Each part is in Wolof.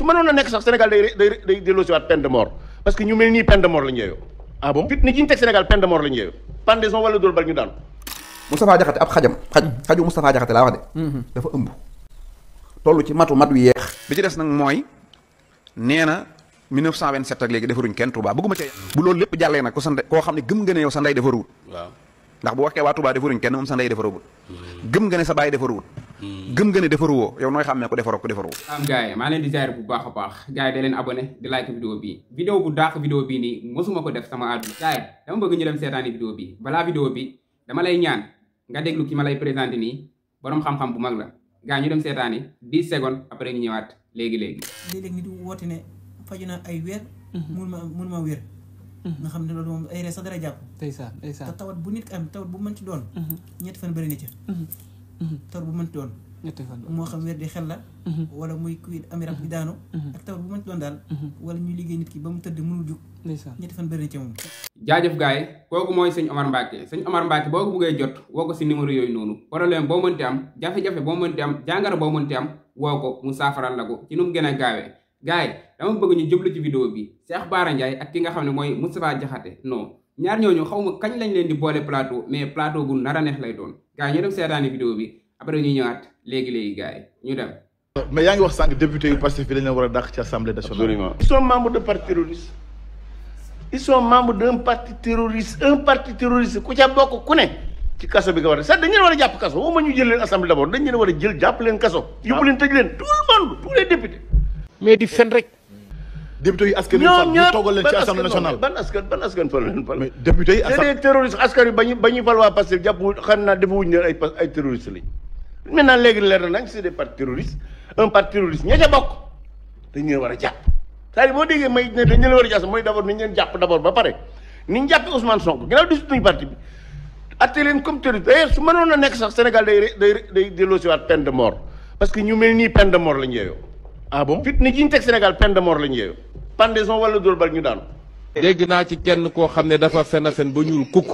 su mënoon a nekk sax Sénégal day day day delloosiwaat peine de mort parce que ñu mel nii peine de mort lañ yeeyoo. ah bon fitna ji ñu teg Sénégal peine de mort lañ yeeyoo. pendaison wala ab xajam xaju Moustapha Diakhaté laa wax de. Mm-hmm. dafa ëmb. toll ci matu mat wi yeex. bi ci des nag mooy nee na 1927 ak léegi defaruñ kenn Touba bëgguma ca. bu loolu lépp jàllee nag ku sa koo xam ne gëm nga ne yow sa ndey defaruwul. waaw ndax bu waxee waa Touba defaruñ kenn moom sax ndey defaruwul gëm nga ne sa baay defaruwul hmm. gëm nga ne defaruwoo yow nooy xàmmee ko defaroo ko defaruwul am gars yi maa leen di jaare bu baax baax gars yi leen abonné di like vidéo bii vidéo bu dàq vidéo bii nii mosuma ko def sama àdduna gars yi dama bëgg ñu dem seetaani vidéo bi balaa vidéo bi dama lay ñaan nga déglu ki ma lay présenté nii boroom xam bu mag la gars ñu dem seetaani 10 secondes après ñu ñëwaat léegi-léegi léeg-léeg nit di woote ne faju na ay wér hmm. mun ma mun nga xam ne loolu moom ay ree sax dara jàpp ndeysaan ndeysaan te bu nit am tawat bu mënti doon mhm. ñetti fan bëri na ca mhm. Mhm. tawat bu mënti doon ñetti fan moo xam wér di xel la wala muy kuy ami rab bi daanu ak tawat bu mënti wala ñu liggéey nit ba mu tëdd mënul jug ndeysaan ñetti fan bëri na ca moom jaajëf gars yi kooku mooy sëñ Omar Mbacke sëñ Omar Mbacke boo ko bëggee jot woo ko si numéro yooyu noonu problème boo mënti am jafe-jafe boo mënti am jàngara boo mënti am woo ko mu saafaral la ko ci nu mu gën a gaawee gars yi dama bëgg ñu jublu ci vidéo bi Cheikh Bara Ndiaye ak ki nga xam ne mooy Moustapha Diakhaté non ñaar ñooñu xaw ma kañ lañ leen di boole plateau mais plateau bu nar a neex lay doon gars ñu dem seetaani vidéo bi après ñu ñëwaat léegi-léegi gars ñu dem mais yaa ngi wax sànq député yu Pastef fi dañ leen a dàq ci assemblée nationale ils sont membres de parti terroriste ils sont ku ca ku ne ci kaso war a sax dañ leen war a jàpp kaso waxuma ñu jël leen assemblée d'abord dañ leen war a jël jàpp leen kaso yóbbu leen tëj leen tout le monde tous mais di fen rek député yi askan yi ñu togal leen ci assemblée nationale ban askan ban askan fa leen fa mais député yi askan des terroristes askan yi bañu bañu fal wa passé japp xam na defu wuñ ay ay terroristes li maintenant légui leer nañ ci des partis terroristes un parti terroriste ña ca bok dañ ñu wara japp c'est bo dégué may ne dañ ñu wara japp moy d'abord ni leen japp d'abord ba paré ni ñu japp Ousmane Sonko gënal du suñu parti bi atté leen comme terroriste d'ailleurs su mënon na nek sax Sénégal day day délo ci wat peine de mort parce que ñu melni peine de mort lañ yeyo ah bon fitna ji ñu teg Sénégal peine de mort la ñu yeewu pendaison wala dóor bal ñu daanu. dégg naa ci kenn koo xam ne dafa fen a fen ba ñuul kukk.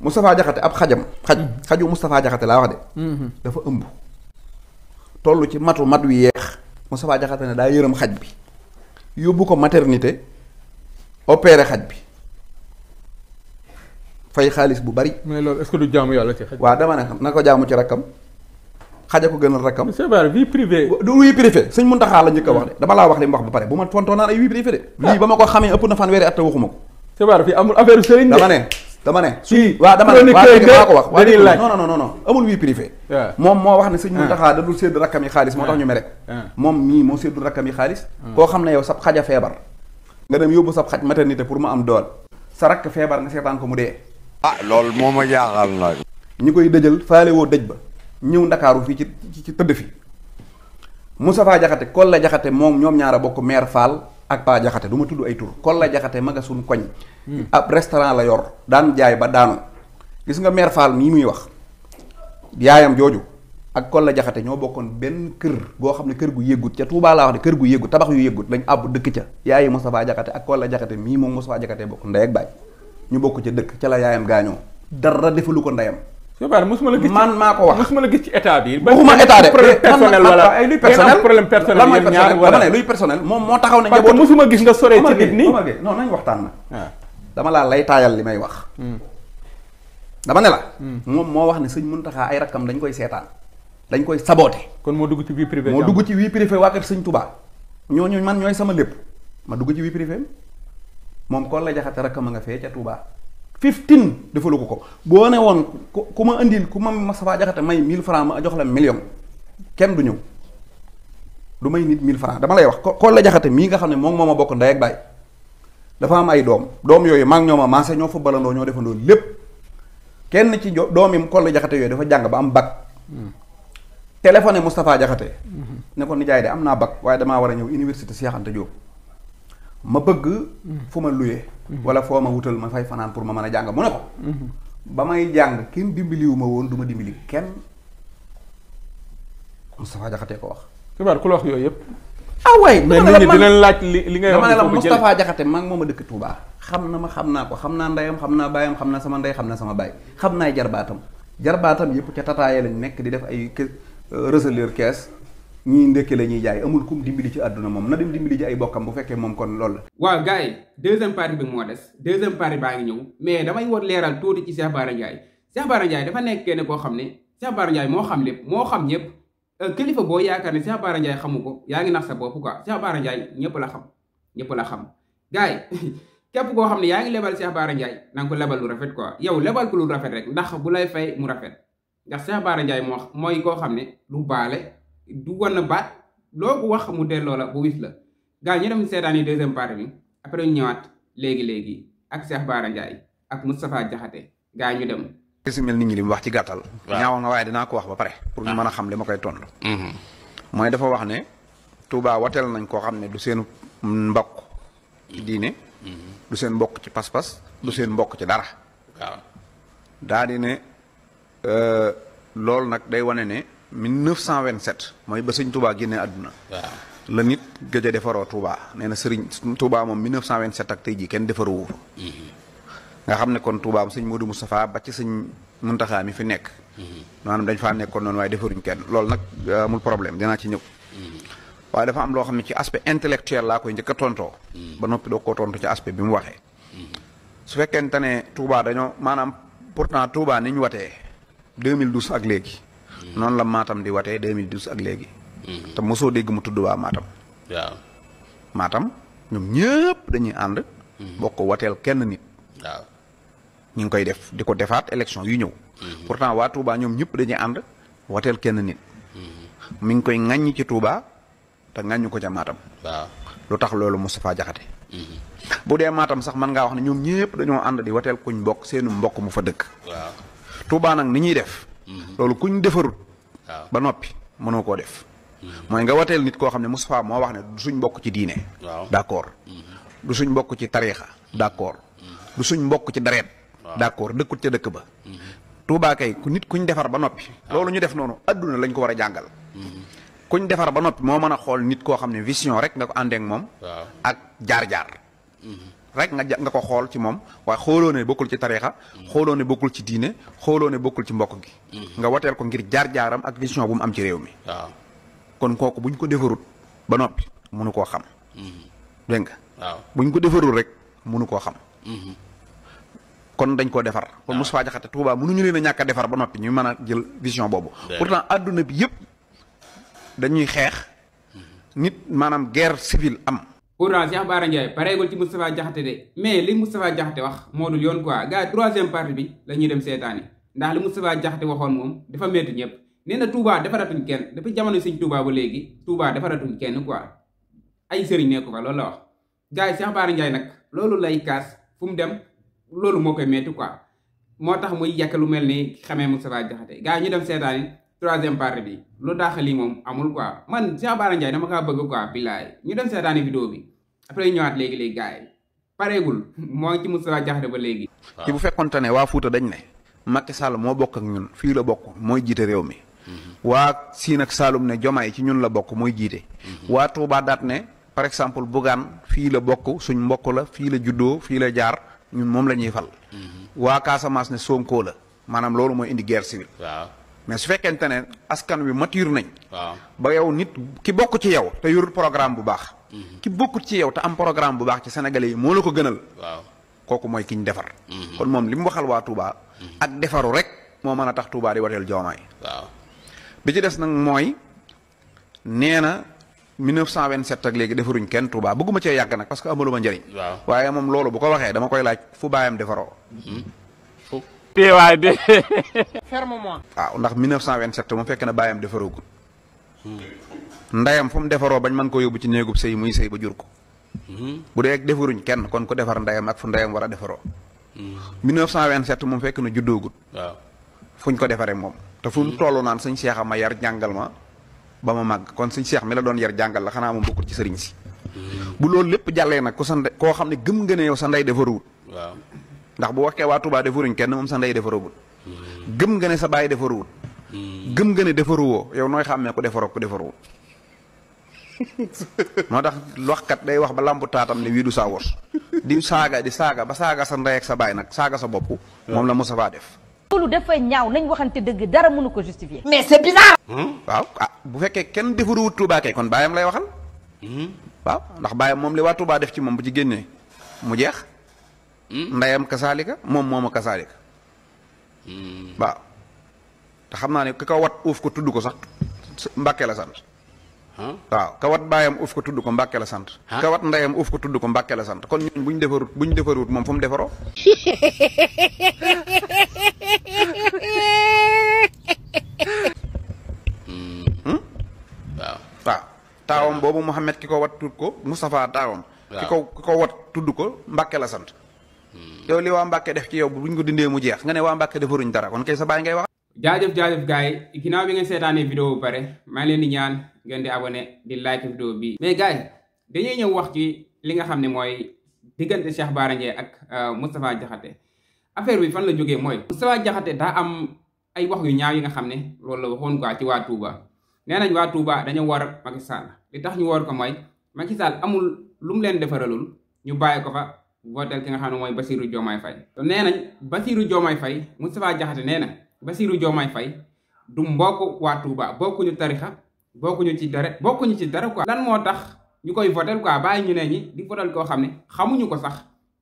Moustapha Diakhaté ab xajam xaj xaju Moustapha Diakhaté laa wax de. Mhm. dafa ëmb. toll ci matu mat wi yeex Moustapha Diakhaté ne daa yërëm xaj bi yóbbu ko maternité opéré xaj bi fay xaalis bu bari. mais loolu est-ce que du jaamu yàlla ci xaj. waaw na ko jaamu ci rakkam. xaja ko gënal rakkam. c'est vrai vie privée. du vie privée sëñ Muntaxa la njëkk a wax de dama laa wax li mu wax ba pare bu ma tontoo naan ay vie privée de. Ah. lii ba ma ko xamee ëpp na fanweeri at waxuma ko. dama ne dama ne. si dama ne waaw ko wax. dañuy laaj non non non amul vie privée. Ah. moom moo wax ne sëñ ah. Muntaxa da dul sédd rakkam yi xaalis moo tax ñu mere ko. moom mii moo séddul rakkam yi xaalis. koo xam ne yow sab xaja feebar. nga dem yóbbu sab xaj maternité pour ma am doo sa rakk feebar nga seetaan ko mu dee. ah loolu moo ma jaaxal nag. ñi koy dëjal faale woo dëj ba ñëw ndakaaru fii ci ci tëdd fi Moustapha Jaxate Kolla Jaxate moom ñoom ñaar a bokk maire Fall ak Pa Jaxate du ma tudd ay tur kol la Jaxate maga suñ koñ hmm. ab restaurant la yor daan jaay ba daanu gis nga maire Fall mii muy wax yaayam jooju ak la Jaxate ñoo bokkoon benn kër goo xam ne kër gu yëggut ca Touba laa wax ne kër gu yëggut tabax yu yëggut lañ àbb dëkk ca yaayi Moustapha Jaxate ak Kolla Jaxate mii moom Moustapha Jaxate bokk ndey ak baay ñu bokk ca dëkk ca la yaayam gaañoo dara defalu ko ndeyam Cheikh Bara la gis man maa wax mosuma la gis ci état bi. waxuma état personnel wala ay luy personnel problème personnel lan mooy personnel dama ne luy personnel moom moo taxaw ne. parce que gis nga soree ci nit nii non nañ waxtaan na. Ah. dama laa lay taayal li wax. Hmm. dama ne la. Hmm. moom moo wax ne sëñ Muntaxa ay rakkam dañ koy seetaan dañ koy saboté. kon dugg ci vie privée dugg ci vie privée Touba. man sama lépp ma dugg ci vie privée moom kon la jaxate rakkam nga Touba. fifteen defalu ko ko boo ne woon ku ma indi ku ma Moustapha Diakhaté may mille francs ma jox la million kenn du ñëw du may nit mille francs dama lay wax ko la jaxate mii nga xam ne moom moo ma bokk ndey ak baay dafa am ay doom doom yooyu mag ñoo ma maase ñoo fa balandoo ñoo defandoo lépp kenn ci doom yi Kolle Diakhaté yooyu dafa jàng ba am bac hmm. téléphoné Moustapha Diakhaté hmm. ne ko nijaay de am naa bac waaye damaa war a ñëw université Cheikh Anta Diop ma bëgg mm-hmm. fu ma luye mm-hmm. wala foo ma wutal ma fay fanaan pour ma mën a jàng mu ne ko mm-hmm. ba may jàng kenn dimbiliwu ma woon du ma dimbili kenn Moustapha Jaxate ko wax xibaar ku la wax yooyu yëpp ah waay mais nit laaj li li ngay wax dama ne la Moustapha Jaxate maa ngi moom a dëkk Touba xam na ma xam naa ko xam naa ndeyam xam naa baayam xam naa sama ndey xam naa sama baay xam naa jarbaatam jarbaatam yëpp ca tataaye lañ nekk di def ay euh, receleur kees ñii ndékki la ñuy jaay amul kum dimbali ci àdduna moom na dem ci ay bokkam bu fekkee moom kon loolu la. waaw gars yi deuxième partie bi moo des deuxième partie baa ngi ñëw mais damay war leeral tuuti ci Cheikh Bara Ndiaye Cheikh Bara Ndiaye dafa nekk kenn koo xam ne Cheikh moo xam lépp moo xam ñëpp euh, kilifa boo yaakaar ne Cheikh Bara Ndiaye xamu ko yaa ngi nax sa bopp quoi Cheikh Bara Ndiaye ñëpp la xam ñëpp la xam gars yi képp koo xam ne yaa ngi lebal Cheikh Bara Ndiaye na ko lebal lu rafet ko yow lebal ko lu rafet rek ndax bu lay fay mu rafet ndax Cheikh Bara Ndiaye moo mooy koo xam ne du baale du wan baat loo ko wax mu delloo la bu wis la gaa ñu dem seetaan yi deuxième part bi après ñu ñëwaat léegi-léegi ak Cheikh Bara Ndiaye ak Moustapha Diakhaté gaa ñu dem résumel nit ñi li mu wax ci gàttal ñaawoon na waaye danaa ko wax ba pare pour ñu ah. mën a xam li ma koy tontu mm-hmm. mooy dafa wax ne Touba wateel nañ koo xam ne du seen mbokk ci diine mm-hmm. du seen mbokk ci pas-pas du seen mbokk ci dara waaw daa di ne euh, nag day wane ne 1927 mooy ba sëñ Touba génnee àdduna. waaw la nit gëj a defaroo Touba nee na sëriñ Touba moom 1927 ak tey jii kenn defaroo fa. Mm-hmm. nga xam ne kon Touba sëñ Modou Moustapha ba ci sëñ Muntaxa mi fi nekk. Mm-hmm. maanaam dañ faa nekkoon noonu waaye defaruñ kenn loolu nag euh, amul problème dinaa ci ñëw. Mm-hmm. waaye dafa am loo xam ne ci aspect intellectuel laa koy njëkk tontoo. ba noppi doo ko tontu ci aspect bi mu waxee. su fekkente ne Touba dañoo maanaam pourtant Touba ni ñu watee 2012 ak léegi. Mm-hmm. non la Matam di waté 2012 ak légui mm-hmm. te mosoo dégg mu tuddu wa Matam. waaw Matam ñom ñëpp dañuy and mm-hmm. bokk watel kenn nit. waaw ñi ngi koy def diko défaat élection yu ñëw. pourtant wa Touba ñom ñëpp dañuy and watel kenn nit. mi ngi koy ngagn ci Touba te ŋaññu ko ci Matam. waaw lu tax loolu Moustapha Diakhaté. bu dé Matam sax man nga wax ni ñom ñëpp dañoo and di watel kuñ bokk seenu mbokk mu fa dëkk. waaw Touba nak ni ñi def. Mhm. loolu kuñ defarut. ba noppi mënoo koo def. Mhm. mooy nga wateel nit koo xam ne Moustapha moo wax ne du suñ mbokk ci diine. waaw accord. Mhm. du suñ mbokk ci tariixa. d' accord du mbokk ci dareet. d' accord dëkkut ca dëkk ba. Touba kay ku nit kuñ defar ba noppi. loolu ñu def noonu àdduna lañ ko war a jàngal. kuñ defar ba noppi moo mën a xool nit koo xam ne vision rek nga ko àndeek moom. ak jaar jaar. rek nga nga ko xool ci moom waaye xooloo bokul bokkul ci tarixa xooloo ne bokkul ci diine xooloo ne ci mbokk gi mhm. nga wateel ko ngir jaar-jaaram ak vision bu mu am ci réew mi kon kooku buñ ko defarut ba noppi mënu koo xam mhm. buñ ko defarul rek mënu koo xam mhm. kon dañ ko defar kon ah. Moustapha Diakhaté Touba mënuñu leen a ñàkk a defar ba noppi ñu mën a jël vision boobu pourtant àdduna bi yépp dañuy xeex nit manam guerre civile am pourtant Cheikh Bara Ndiaye pareegul ci mais li Moustapha Diakhaté wax moo dul yoon quoi gars yi troisième partie bi la ñuy dem seetaani ndax li Moustapha Diakhaté moom dafa metti ñëpp nee na Touba defaratuñ kenn depuis jamono Sëñ Touba ba léegi Touba defaratuñ kenn quoi ay sëriñ nekku fa loolu la wax gars yi Cheikh Bara nag loolu lay kaas fu mu dem loolu moo koy metti quoi moo tax muy yàq lu mel ni xamee Moustapha Diakhaté gars yi ñu dem seetaani troisième partie bi lu daax lii moom amul quoi man Cheikh Bara Ndiaye dama kaa bëgg quoi billaay ñu dem seetaani vidéo bi après ñëwaat léegi léegi gars yi pareegul moo ngi ci Moustapha Diakhaté ba léegi. ci bu fekkonte ne waa Fouta dañ ne. Macky Sall moo bokk ak ñun fii la bokk mooy jiite réew mi. Mhm. waa Siin ak Saalum ne Jomaay ci ñun la bokk mooy jiite. Mhm. waa Touba daat ne par exemple Bougane fii la bokk suñ mbokk la fii la juddoo fii la jaar ñun moom la ñuy fal. Mhm. waa Casamance ne Sonko la maanaam loolu mooy indi guerre civile. mais su fekkente ne askan wi mature nañ. ba yow nit ki bokk ci yow te yorul programme bu baax. Mhm. ki bokkut ci yow te am programme bu baax ci sénégalais yi moo la ko gënal. waaw kooku mooy ki ñu defar. Mhm. kon moom li mu waxal waa Touba. Mhm. ak defaru rek moo mën a tax Touba di wateel Diomaye. waaw bi ci des nag mooy nee na 1927 ak léegi defaruñ kenn Touba bëgguma cee yàgg nag parce que amaluma njëriñ. waaw waaye moom loolu bu ko waxee dama koy laaj fu baayam defaroo. waaw ndax 1927 mu fekk na baayam defaroo ndayam fu mu defaroo bañ mën ko yóbbu ci néegub sëy muy sëy ba jur ko mhm. bu dee defaruñ kenn kon ku defar ndayam ak fu ndayam war a defaroo 1927 mhm. moom fekk na juddoogut fu ñu ko defaree moom te fu mu mhm. toll naan sëñ Cheikh ma yar jàngal ma ba ma màgg kon sëñ Cheikh mi la doon yar jàngal la xanaa moom bokkul ci sëriñ si bu loolu lépp jàllee nag ku sa ndey koo xam ne gëm nga ne yow sa ndey defaruwut waaw ndax bu waxkee waa Touba defaruñ kenn moom sa ndey defaruwut gëm nga ne sa baay defaruwut gëm nga ne defaruwoo yow nooy xàmmee ku defaroo ku defaruwut motax kat day wax ba lambu tatam ne du sa wor di saga di saga ba saga sa ndey ak sa bay nak saga sa bop mom la musafa def lolu fay ñaaw nañ waxante deug dara mënu ko justifier mais c'est bizarre hmm? waaw ah, bu fekke ken defuru wut touba kay kon bayam lay waxal hmm? waaw ndax bayam mom li wa touba def ci mom bu ci genné mu jeex hmm? ndayam kasalika mom moma kasalika waaw ta xamna ne kiko wat uf ko tuddu ko sax mbacke la sant waaw kawat bayam uf ko tuddu ko mbacke la sante kawat ndayam uf ko tuddu ko mbacke la sante kon ñun buñ defarut buñ defarut mom fu mu defaroo hmm. Hmm? waaw taawam bobu mohammed kiko wat tudd ko mustafa taawam kiko kiko wat tudd ko mbacke la sante hmm. yow li wa mbacke def ci yow buñ ko dinde mu jeex nga ne wa mbacke defaruñ dara kon kay sa bay ngay wax jaajëf jaajëf gars yi bi ngeen seetaanee vidéo bu pare maa ngi di ñaan ngeen di abonné di like vidéo bi mais gars yi dañuy ñëw wax ci li nga xam ne mooy diggante Cheikh Bara Ndiaye ak euh, Moustapha Diakhaté affaire bi fan la jógee mooy Moustapha Diakhaté daa am ay wax yu ñaaw yi nga xam ne loolu la waxoon quoi ci waa tuuba nee nañ waa Touba dañoo war Macky Sall li tax ñu war ko mooy Macky Sall amul lu mu leen defaralul ñu bàyyi ko fa votel ki nga xam ne mooy Bassirou Diomaye Faye nee nañ Bassirou Diomaye fay Moustapha Diakhaté nee na Bassirou Diomaye fay du mbokk waa Touba bokkuñu tarixa bokkuñu ci dara bokkuñu ci dara ko lan moo tax ñu koy votel quoi bàyyi ñu nee ñi di votel koo xam ne xamuñu ko sax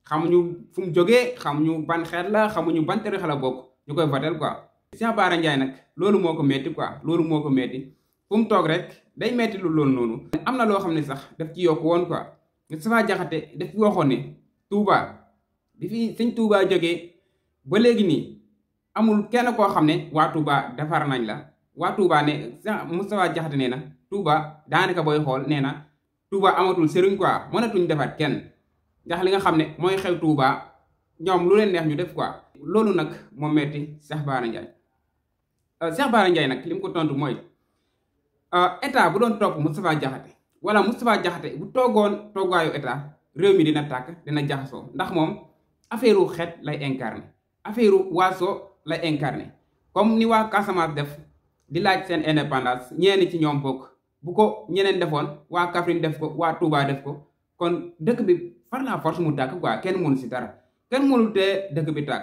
xamuñu fu mu jógee xamuñu ban xeet la xamuñu ban tarixa la bokk ñu koy votel quoi. Cheikh Bara Ndiaye nag loolu moo ko métti quoi loolu moo ko métti fu mu toog rek day métti lu loolu noonu. am na loo xam ne sax daf ci yokk woon quoi Moustapha Diakhaté daf waxoon ne Touba bi fi sëñ Touba jógee ba léegi nii. amul kenn koo xam ne waa Touba defar nañ la waa Touba ne Moustapha Diakhaté nee na Touba daanaka booy xool nee na Touba amatul sëriñ quoi mënatuñ defar kenn ndax li nga xam ne mooy xew Touba ñoom lu leen neex ñu def quoi. loolu nag moom metti Cheikh Bara Ndiaye euh, Cheikh Bara Ndiaye nag lim ko tontu mooy euh, état bu doon topp Moustapha Diakhaté wala Moustapha Diakhaté bu toogoon toogaayu état réew mi dina tàkk dina jaxasoo ndax moom affaire xeet lay incarné affaire waaso la incarner comme ni wa Casamance def di laaj sen indépendance ñeeni ci ñom Buko bu ko ñeneen defoon waa Kaffrine def ko waa Touba def ko kon dëkk bi par la force mu tàkk quoi kenn mënu ci dara kenn mënu tee dëkk bi tak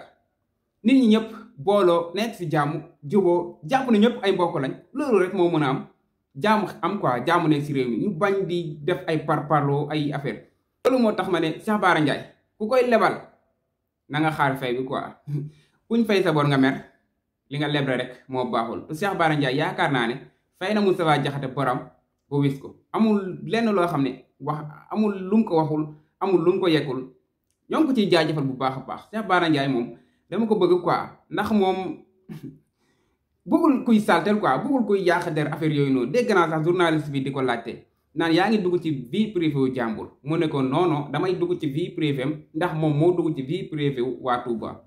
nit ñi ñëpp bolo nek si Jamu jubo japp ni ñëpp ay mbokk lañ lolu rek mo mëna am jamm am quoi jamm nek si réew mi ñu bañ di def ay parlo ay affaire lolu mo tax mané Cheikh Bara ndjay ku koy lebal na nga xaar fay bi quoi kuñ fay saboor nga mer li nga lebre rek moo baaxul te Cheikh yaakaar naa ne fay na Moustapha Diakhaté borom ba wis ko amul lenn loo xam ne wax amul lu ko waxul amul lu mu ko yeggul ñoo ngi ko ciy jaajëfal bu baax a baax Cheikh Bara Ndiaye moom dama ko bëgg quoi ndax moom bëggul kuy saltel quoi bëggul kuy yàq der affaire yooyu noonu dégg naa sax journaliste bi di ko laajte naan yaa ngi dugg ci vie privée wu jàmbur mu nekkoon ko non damay dugg ci vie privée ndax moom moo dugg ci vie privée wu waa Touba.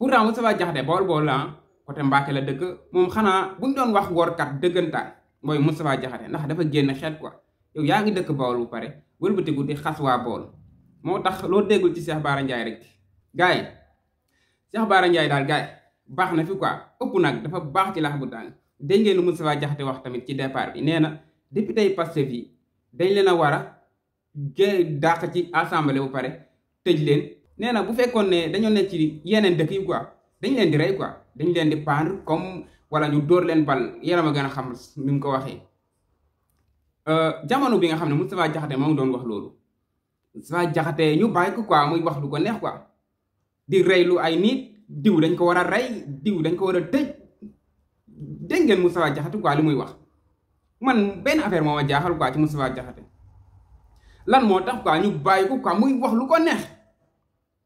kurang Moustapha Diakhaté bol-bol la côté Mbacké la dëkk moom xanaa buñ doon wax woorkat dëggantaan mooy wajah de ndax dafa génn xeet quoi yow yaa ngi dëkk bool bu pare wëlbatiku gudi xas wa bol moo tax loo déggul ci Cheikh Bara Ndiaye rek gars yi Cheikh Bara Ndiaye daal gars yi na fi quoi ëpp nag dafa baax ci lax bu daan ngeen lu Moustapha wax tamit ci départ bi dañ wara ci assemblée bu leen nee na bu fekkoon ne dañoo ne ci yeneen dëkk yi quoi dañ leen di rey quoi dañ leen di pendre comme wala ñu dóor leen bal yéen ma gën a ni mu ko waxee. Euh, jamono bi nga xam ne Moustapha Diakhaté moo doon wax loolu Moustapha Diakhaté ñu bàyyi ko muy wax ko neex quoi di rey ay nit diw dañ ko war a rey diw dañ ko war a tëj dégg ngeen Moustapha Diakhaté quoi muy wax man benn affaire moo a jaaxal quoi ci Moustapha Diakhaté lan moo tax quoi ñu bàyyi ko quoi muy wax lu ko neex.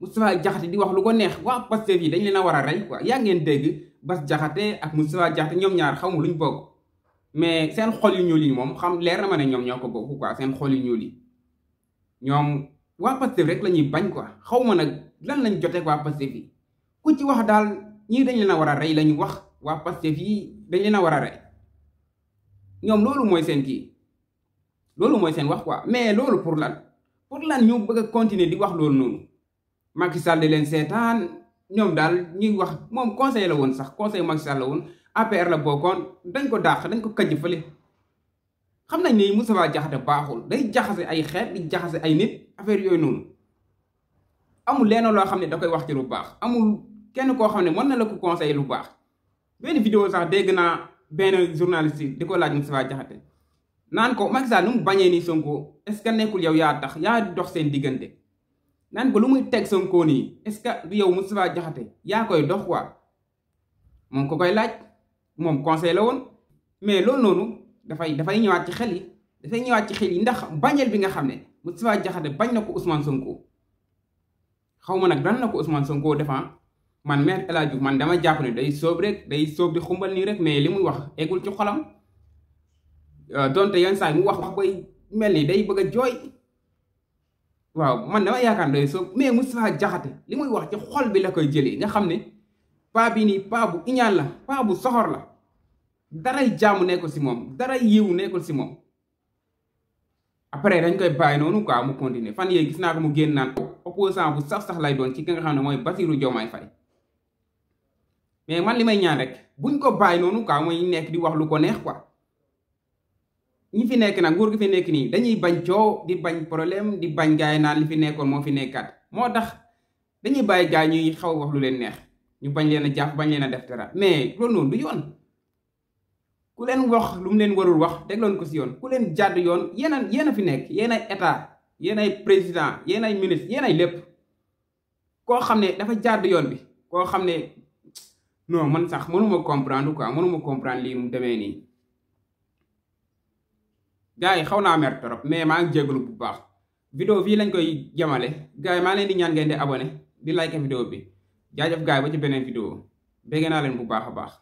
Moustapha Diakhaté di wax lu ko neex waa Pastef yi dañ leen a war a rey quoi yaa ngeen dégg Bass Diakhaté ak Moustapha Diakhaté ñoom ñaar xaw ma luñ bokk mais seen xol yu ñuul yi moom xam leer na ma ne ñoom ñoo ko bokk quoi seen xol yu ñuul yi ñoom waa Pastef rek la ñuy bañ quoi xaw ma nag lan lañ jotee waa Pastef yi ku ci wax daal ñii dañ leen a war a rey la ñu wax waa Pastef yi dañ leen a war a rey ñoom loolu mooy seen kii loolu mooy seen wax quoi mais loolu pour lan pour lan ñu bëgg a continuer di wax loolu noonu. Macky Sall di leen seetaan ñoom daal ñuy wax moom conseil la woon sax conseil Macky Sall la woon APR la bokkoon dañ ko dàq dañ ko kajj fale xam nañ ne Moustapha Diakhaté baaxul day jaxase ay xeet di jaxase ay nit affaire yooyu noonu amul lenn loo xam ne da koy wax ci lu baax amul kenn koo xam ne mën na la ko conseil lu baax benn vidéo sax dégg naa benn journaliste di ko laaj Moustapha Diakhaté naan ko Macky nu mu bañee nii Sonko est-ce que nekkul yow yaa tax yaa dox seen diggante naan ko lu muy teg Sonko nii est-ce que du yow Moustapha jaxate yaa koy dox quoi moom ko koy laaj moom conseil la woon mais loolu noonu dafay dafay ñëwaat ci xel yi dafay ñëwaat ci ndax bañeel bi nga xam ne Moustapha Diakhaté bañ na ko Ousmane Sonko xaw ma nag daan na ko Ousmane Sonko defan ah? man maître El man dama jàpp ne day soob rek day soob di xumbal nii rek mais li muy wax eggul ci xolam euh, donte yenn saa yi mu wax wax koy mel ni day bëgg a jooy waaw man dama yaakaar doy soo mais Moustapha Diakhaté li muy wax ci xol bi la koy jëlee nga xam ne paa bi nii paa bu iñaan la paa bu soxor la daray jaamu nekkul si moom daray yiwu nekkul si moom après dañ koy bàyyi noonu quoi mu continuer fan yee gis naa ko mu génn naan opposant bu sax sax lay doon ci ki nga xam ne mooy Basirou Diomaye mais man li may ñaan rek buñ ko bàyyi noonu quoi mooy nekk di wax lu ko neex ko ñi fi nekk nag nguur gi fi nekk nii dañuy bañ coow di bañ problème di bañ gaay naan li fi nekkoon moo fi nekkaat moo tax dañuy bàyyi gaay ñuy xaw a wax lu leen neex ñu bañ leen a jàpp bañ leen a def dara mais loolu noonu du yoon ku leen wax lu mu leen warul wax dégloon ko si yoon ku leen jàdd yoon yéen yéen a fi nekk yéen ay état yéen ay président yéen ay ministre yéen ay lépp koo xam ne dafa jàdd yoon bi koo xam ne non man sax mënuma comprendre quoi mënuma comprendre lii mu demee nii gars yi xaw naa mer trop mais maa ngi jégalu bu baax vidéo bii lañ koy jamale gars maa leen di ñaan ngeen di abonné di like vidéo bi jaajëf gars yi ci beneen vidéo bégg naa leen bu baax a baax